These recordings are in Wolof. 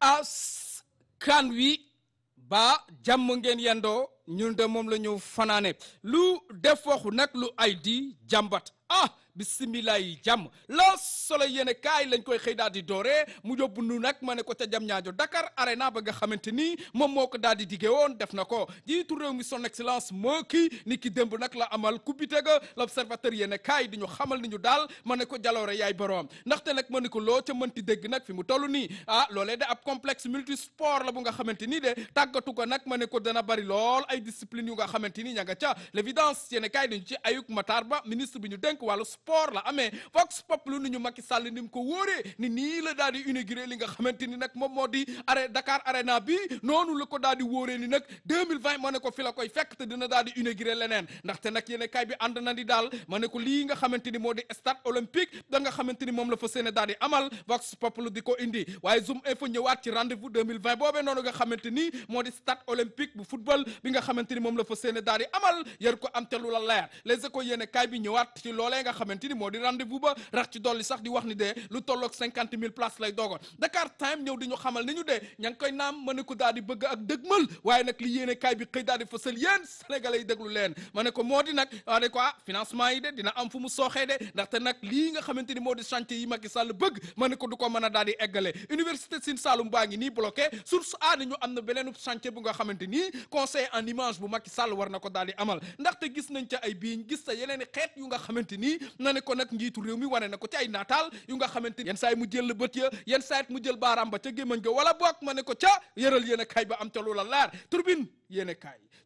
askan wi ba jàmm ngeen yandoo ñun de moom la ñu fanaane lu def nag lu ay di jàmbat a ah, bisimilah yi jàmm la solo yéene kaay lañ koy xëy daal di doore mu yóbbu nu nag ma ne ko ca jam ñaajo Dakar arena ba nga xamante ni moom moo ko daal di diggee woon def na ko jiitu réew mi son excellence moo kii ni ki démb nag la amal kubite ga l'observateur yéene kaay di ñu xamal ni ñu daal ma ne ko jaloore yaay boroom ndaxte nag ma ne ko loo ca mënti dégg nag fi mu toll nii ah loolee de ab complexe multisport la bu nga xamante ni de tàggatu ko nag ma ne ko dana bari lool ay discipline yu nga xamante ni ña nga ca l'évidence yéene kaay dañu ci ayuk Matar Ba ministre bi ñu dénk wàllu sport la amee Vox Pop nu ñu Macky Sall ni mu ko wóoree ni nii la daal di li nga xamante ni nag moom moo di arrêt Dakar Arena bi noonu la ko daal di wóoree ni nag 2020 moo ne ko fi la koy fekk te dina daal di inauguré leneen ndaxte nag yéen kay bi ànd na daal ma ko lii nga xamante ni moo di stade olympique da nga xamante ni moom la fa séene daal di amal Vox Pop lu di ko indi waaye Zoom Info ñëwaat ci rendez-vous 2020 boobee noonu nga xamante ni moo di stade olympique bu football bi xamante ni moom la fa séene daal di amal yar ko am te lu la leer les nga xamante xamante ni moo di rendez-vous ba rax ci dolli sax di wax ni dee lu tolloog cinquante mille places lay doogoon Dakar Time ñëw di ñu xamal ni ñu dee koy naam ma ko daal bëgg ak dëgmal waaye nag li yéene kaay bi xëy daal di fësal yéen sénégalais yi déglu leen ma ko moo di nag waa ne ko ah financement yi de dina am fu mu sooxee de ndaxte nag lii nga xamante ni moo di chantier yi Macky Sall bëgg ma ne ko du ko mën a daal di eggale université Sine Saloum baa ngi nii bloqué source a ñu am na nga xamante ni conseil en image bu Macky war na ko daal di amal ndaxte gis nañ ca ay biiñ gis sa yeneen i xeet yu nga xamante ni na ne ko nag njiitu réew mi wane na ko ci ay naataal yu nga xamante yenn saay mu jël bët ya yenn saay mu jël baaraam ba ca gémmañ ga wala boog ma ne ko ca yëral yéen a ba am ca loola leer turbin yéene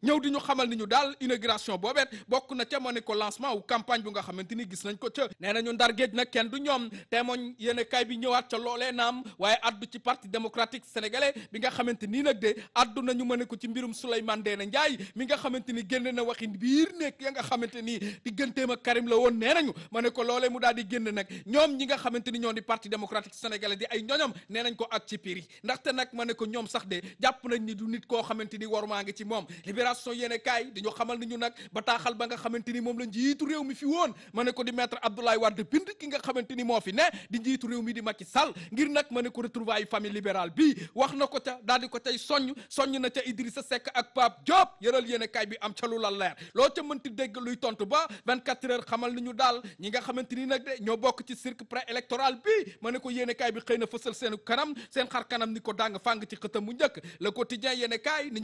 ñëw di ñu xamal ni ñu daal inauguration boobeet bokk na ca ma ne ko lancement wu campagne bu nga xamante ni gis nañ ko ca nee nañu ndar géej nag kenn du ñoom te yéene kaay bi ñëwaat ca loole naam waaye addu ci parti démocratique sénégalais bi nga xamante nii nag de addu na ñu ma ne ko ci mbirum Souleymane Ndéné Ndiaye mi nga xamante ni génne na waxin biir nekk ya nga xamante ni digganteem ma Karim la woon nee nañu ma ne ko loolee mu daal di génn nag ñoom nga xamante ni ñoo di parti démocratique sénégalais di ay ñoñom nee nañ ko ak ci piri ndaxte nag ma ne ko ñoom sax de jàpp nañ ni du nit koo xamante ni waru maa ngi ci moom libération yéene kaay dañu xamal ni ñu nag bataaxal ba nga xamante ni moom la njiitu réew mi fi woon ma ne ko di maître Abdoulaye Wade bind ki nga xamante ni moo fi ne di njiitu réew mi di Macky Sall ngir nag ma ne ko retrouvailles famille libérale bi wax na ko ca daal di ko cay soññ soññ na ca Idrissa Seck ak Pape Diop yëral yéene kaay bi am ca lu la leer loo ca mënti dégg luy tontu ba 24 heures xamal ni ñu daal ñi nga xamante ni nag de ñoo bokk ci cirque préélectoral bi ma ne ko yéene kaay bi xëy na fësal seen kanam seen xar kanam ni ko dang fàng ci xëtam mu njëkk le quotidien yéene kaay ni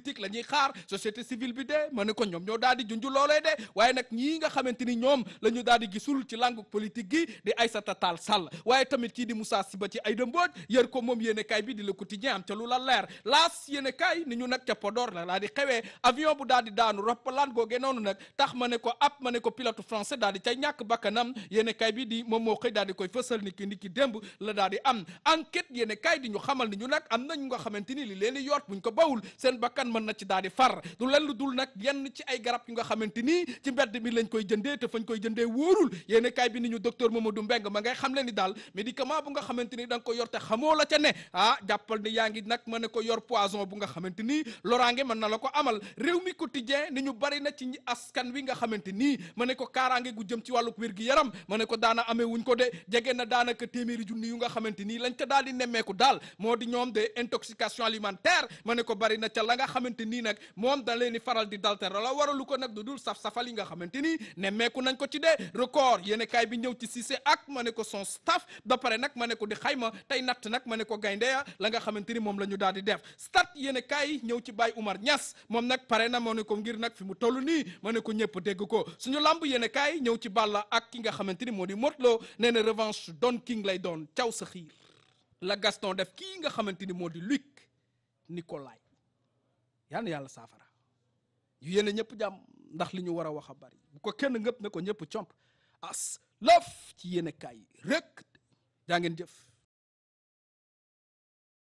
politique la ñuy xaar société civile bi de ma ne ko ñoom ñoo daal di junj loolee de waaye nag ñii nga xamante ni ñoom la ñu daal di gisul ci langue politique gi di Aïssata Tall Sall waaye tamit kii di Moussa Sibati Aïda Mbodj yër ko moom yéene bi di le quotidien am ca lu la leer laas yéene kaay ni ñu nag ca Podor la daal di xewee avion bu daal di daanu roppalaan googee noonu nag tax ma ne ko ab ma ne ko pilote français daal di cay ñàkk bakkanam yéene kaay bi di moom moo xëy di koy fësal ni ki ni ki démb la daal di am enquête yéene kaay di ñu na ñu nga xamante ni li leen di yoot buñ ko bawul seen mën na ci daal di far du len lu dul nag yenn ci ay garab yu nga xamante ni ci mbedd mi lañ koy jëndee te fañ koy jëndee wóorul yenn kaay bi ni ñu docteur du Mbeng ma ngay xam le ni daal médicament bu nga xamante ni da nga ko yor te xamoo la ca ne ah jàppal ni nag mën ne ko yor poison bu nga xamante ni loraange mën na la ko amal réew mi quotidien ni ñu bari na ci askan wi nga xamante nii ma ne ko kaaraange gu jëm ci wàllu wér gi yaram ma ne ko daana amee wuñ ko de jege na daanaka téeméeri junni yu nga xamante nii lañ ca daal di nemmeeku daal moo di ñoom de intoxication alimentaire ma ne ko bari na ca la nga xamante nii nag moom da ni faral di dal te la waralu ko nag du dul saf-safal yi nga xamante nii nemmeeku nañ ko ci dee record yéen bi ñëw ci Cissé ak ma ne ko son staff ba pare nag ma ne ko di xayma tey natt nag ma ne ko gayndeya la nga xamante ni moom la ñu daal di def stat yéen kaay ñëw ci Baye Oumar Niass moom nag pare na moo ne ko ngir nag fi mu toll nii ma ne ko ñëpp dégg ko suñu lamb yéen kaay ñëw ci Balla ak ki nga xamante ni moo di Modou nee na revanche Don King lay doon caw sa xiir la Gaston def kii nga xamante ni moo di Luc Nicolaï yal na yàlla saafara yu yéene ñëpp jàmm ndax li ñu war a wax a bari ko kenn ngëpp ne ko ñëpp comp as lëf ci yéene kaay yi rek jaa ngeen jëf